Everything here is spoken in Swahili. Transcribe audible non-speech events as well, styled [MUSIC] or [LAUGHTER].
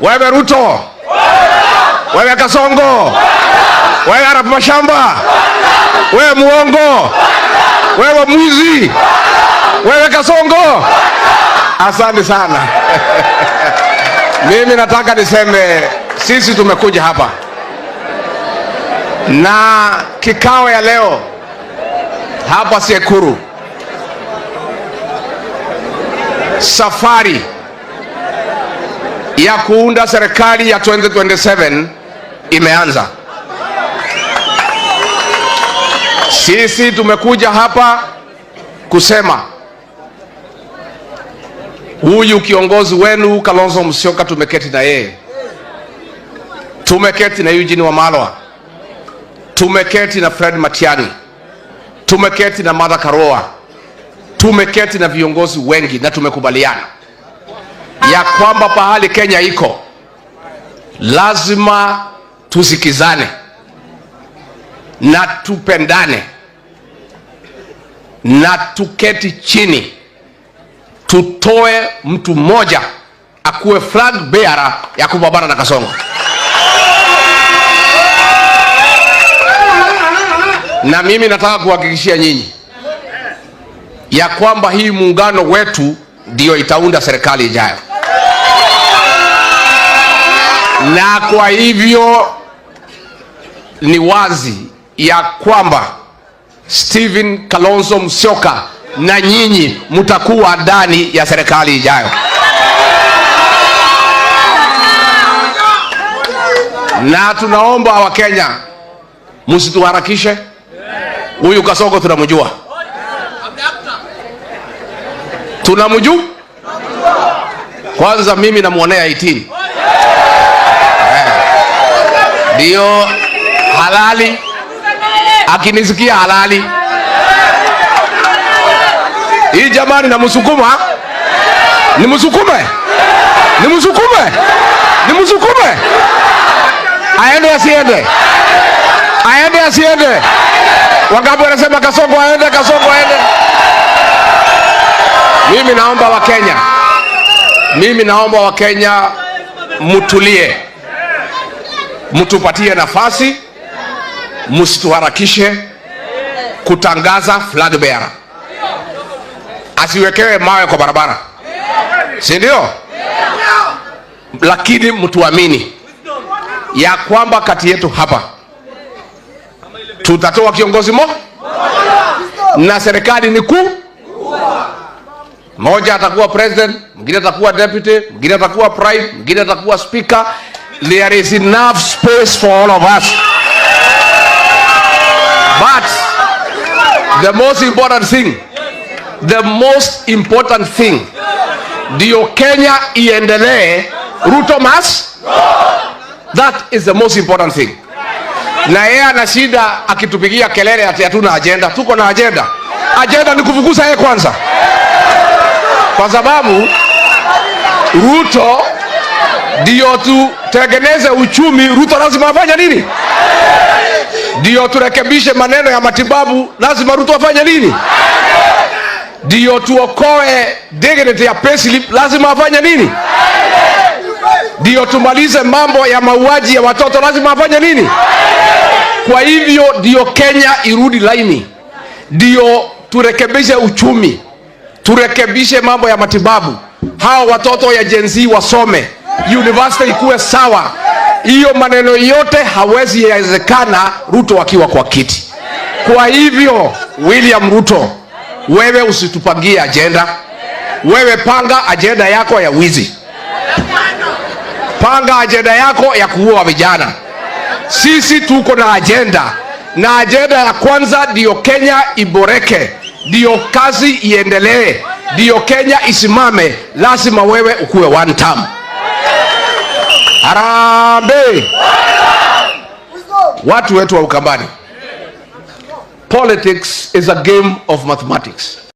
Wewe Ruto, wewe Kasongo, wewe Arap Mashamba, wewe muongo, wewe mwizi, wewe Kasongo. Asante sana. [LAUGHS] Mimi nataka niseme sisi tumekuja hapa na kikao ya leo hapa Sekuru, safari ya kuunda serikali ya 2027 imeanza. Sisi tumekuja hapa kusema huyu kiongozi wenu Kalonzo Musyoka, tumeketi na yeye, tumeketi na Eugene Wamalwa, tumeketi na Fred Matiani, tumeketi na Martha Karua, tumeketi na viongozi wengi na tumekubaliana ya kwamba pahali Kenya iko lazima tusikizane na tupendane na tuketi chini, tutoe mtu mmoja akuwe flag bearer ya kupambana na Kasongo. Na mimi nataka kuhakikishia nyinyi ya kwamba hii muungano wetu ndiyo itaunda serikali ijayo na kwa hivyo ni wazi ya kwamba Stephen Kalonzo Musyoka na nyinyi mtakuwa ndani ya serikali ijayo. Na tunaomba Wakenya msituharakishe. Huyu Kasongo tunamjua, tunamjua kwanza. Mimi namwonea 18 ndio halali, akinisikia halali hii jamani, namsukuma nimsukume, nimsukume, nimsukume aende asiende, aende asiende. Wangapi wanasema Kasongo aende, Kasongo aende? Mimi naomba Wakenya, mimi naomba Wakenya mutulie mtupatie nafasi, msituharakishe kutangaza flag bearer. Asiwekewe mawe kwa barabara, si ndio? Lakini mtuamini ya kwamba kati yetu hapa tutatoa kiongozi mo na serikali ni kuu mmoja. Atakuwa president, mwingine atakuwa deputy, mwingine atakuwa prime, mwingine atakuwa speaker. There is enough space for all of us. But the most important thing, the most important thing, ndio Kenya iendele, Ruto mas, that is the most important thing. Na yeye ana shida akitupigia kelele ati hatuna ajenda. Tuko na ajenda. Ajenda ni kufukuza yeye kwanza, kwa sababu Ruto ndiyo tutengeneze uchumi. Ruto lazima afanye nini? Ndiyo turekebishe maneno ya matibabu, lazima Ruto afanye nini? Ndiyo tuokoe dignity ya payslip, lazima afanye nini? Ndiyo tumalize mambo ya mauaji ya watoto, lazima afanye nini? Kwa hivyo ndiyo Kenya irudi laini, ndiyo turekebishe uchumi, turekebishe mambo ya matibabu, hawa watoto ya Gen wasome university ikuwe sawa. Hiyo maneno yote hawezi yawezekana Ruto akiwa kwa kiti. Kwa hivyo, William Ruto, wewe usitupangie ajenda, wewe panga ajenda yako ya wizi, panga ajenda yako ya kuua vijana. Sisi tuko na ajenda, na ajenda ya kwanza ndiyo Kenya iboreke, ndiyo kazi iendelee, ndiyo Kenya isimame. Lazima wewe ukuwe one time harambe Watu wetu wa Ukambani, politics is a game of mathematics.